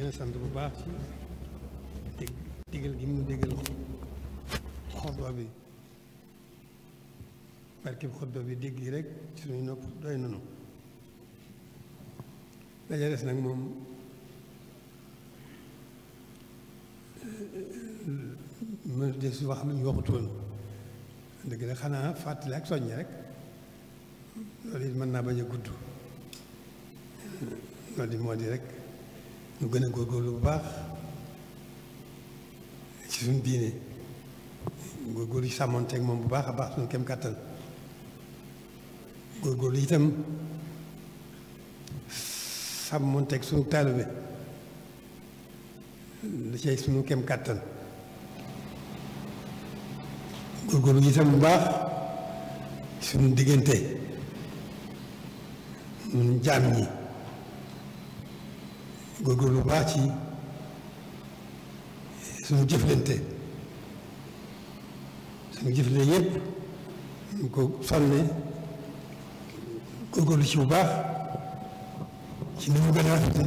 gën sant bu baax ci digal gi mu digal xutba bi barke bi bi dégg yi rek ci suñu nopp doy nanu daja des nag moom euh, mënu des wax lu ñu waxutoon dëgg la xanaa fàttali ak soññi rek loolu it mën naa bañ a gudd loolu di moo di rek ñu gën a góor góorgóorlu bu baax ci suñu diine góorgóorlu ci sàmmonteeg moom bu baax a baax suñu kem kàttan góorgóorlu itam sàmmonteeg suñu taalibe lu cay suñu kem kàttan góorgóorlu itam bu baax suñu diggante ñun jaam ñi góorgóorlu bu baax ci suñu jëflante suñu jëflante yépp ñu ko sànne góorgóorlu ci bu baax ci ni mu gën a rafete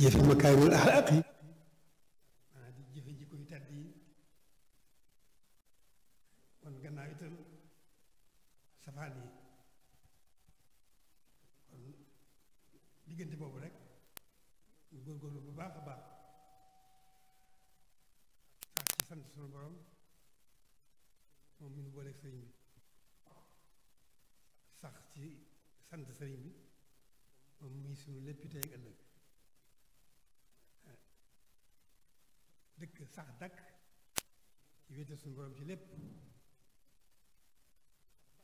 jëfe makaarimul axlaaq yi maanaam di jëfe jikko yu yi kon gannaaw itam safaan yi diggante boobu rek ñu góorgóorlu bu baax a baax sax ci sant sunu borom moom mi nu ci sant sëriñ bi moom muy sunu lépp tey ak ëllëg dëkk sax dakk ci wéete sunu borom ci lépp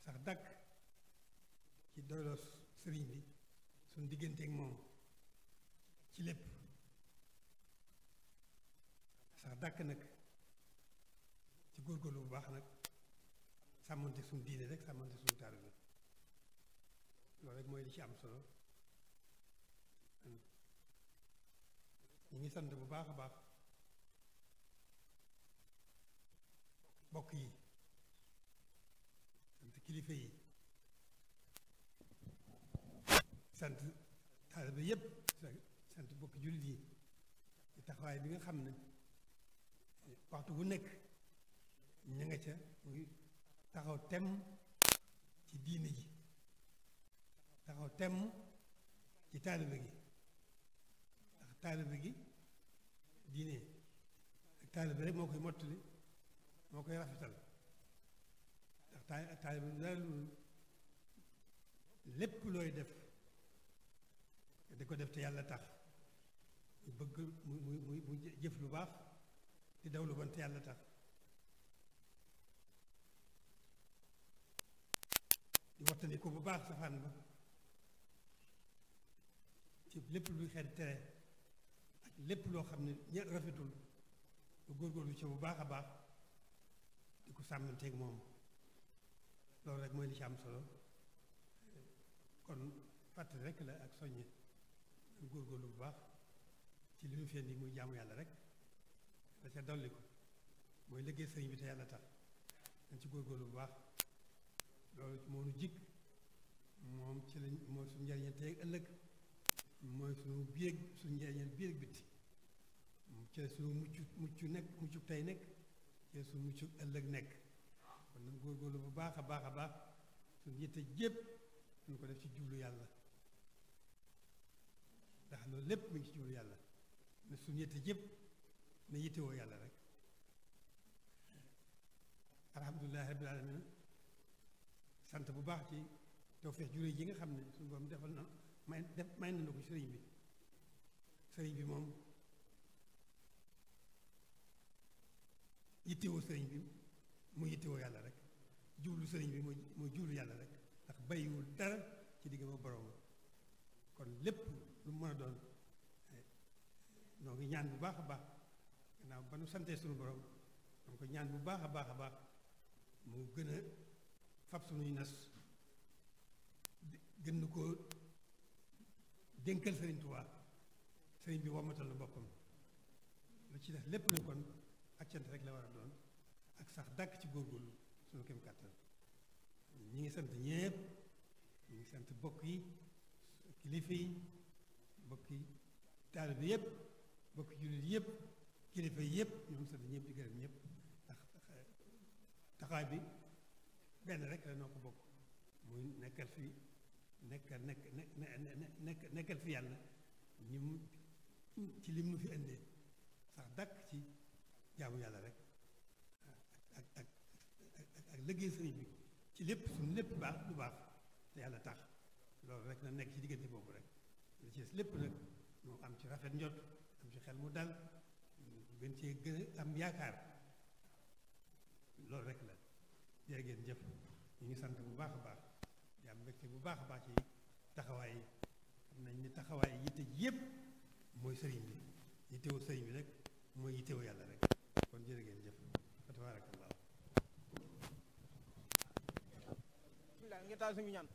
sax dakk ci doylos sëriñ bi suñ digganteeg moom ci lépp sax dàkk nag ci góorgóorlu bu baax nag sàmmante suñ diine rek sàmmante suñ taalibe loolu rek mooy li ci am solo mu ngi sant bu baax a baax bokk yi sant kilifa yi sant taalibe yépp sant bokki jullit yi taxawaay bi nga xam ne waxtu bu nekk ña nga ca muy taxaw tem ci diine ji taxaw tem ci taalibe gi ndax taalibe gi diine ak taalibe rek moo koy mottali moo koy rafetal ndax taalibe dara lu lépp looy def di ko def te yàlla tax mu bëgg mu mu mu jëf lu baax di daw lu bon te yàlla tax di wattandi ko bu baax safaan ba ci lépp luy xeet ak lépp loo xam ne ñe rafetul lu góorgóorlu ci bu baax a baax di ko sàmmanteeg moom loolu rek mooy li ci am solo kon fàttali rek la ak soññe góor góorgóorlu bu baax ci li mu fi muy jaamu yàlla rek da ca dolli ko mooy liggéey sëriñ bi te yàlla tax dañ ci góorgóorlu bu baax loolu moonu jig moom ci lañ mooy suñu njëriñal tey ëllëg mooy suñu biyeeg suñu njëriñal biir ak bitti ci la suñu mucc mucc nekk muccu tey nekk ci la suñu muccu ëllëg nekk kon nag góorgóorlu bu baax a baax a baax suñu yitte jépp ñu ko def ci jublu yàlla ndax loolu lépp mu ngi ci jublu yàlla ne suñu yette yëpp na yittewoo yàlla rek alhamdulilahi rabbil alamin sant bu baax ci tawfeex juré yi nga xam ne suñu borom defal na may def may na sëriñ bi sëriñ bi moom yittewoo sëriñ bi mu yittewoo yàlla rek jublu sëriñ bi mu jublu yàlla rek ndax bàyyiwul dara ci digg ma borom kon lépp lu mu mën a doon ñoo ngi ñaan bu baax a baax gannaaw ba nu santee suñu borom ko ñaan bu baax a baax a baax mu gën a fab suñuy nas gën koo dénkal sëriñ Tuubaa sëriñ bi wommatal na boppam lu ci def lépp na kon ak cant rek la war a doon ak sax dàkk ci góorgóorlu suñu kem kàttan ñi ngi sant ñépp ñi ngi sant bokk yi kilifa yi bokki taalibe yëpp bokki jullit yëpp kilifa yépp ñoo ngi sant ñëpp di gërëm ñëpp ndax eh, taxawaay bi benn rek la noo ko bokk muy nekkal fi nekkal nekkal fi yàlla ñi ci lim nu fi indee sax dàkk ci jaamu yàlla rek ak ak ak ak liggéey sëriñ bi ci lépp suñu lépp baax lu baax te yàlla tax loolu rek na nekk ci diggante boobu rek li ci lépp nag moo am ci rafet njot am ci xel mu dal gën cee gën am yaakaar loolu rek la jërë ngeen jëf ñu ngi sant bu baax a baax di am mbégte bu baax a baax ci taxawaay yi xam nañ ni taxawaay yitte ji yépp mooy sëriñ bi yittewoo sëriñ bi rek mooy yittewoo yàlla rek kon jërë ngeen jëf fa tabaarakallah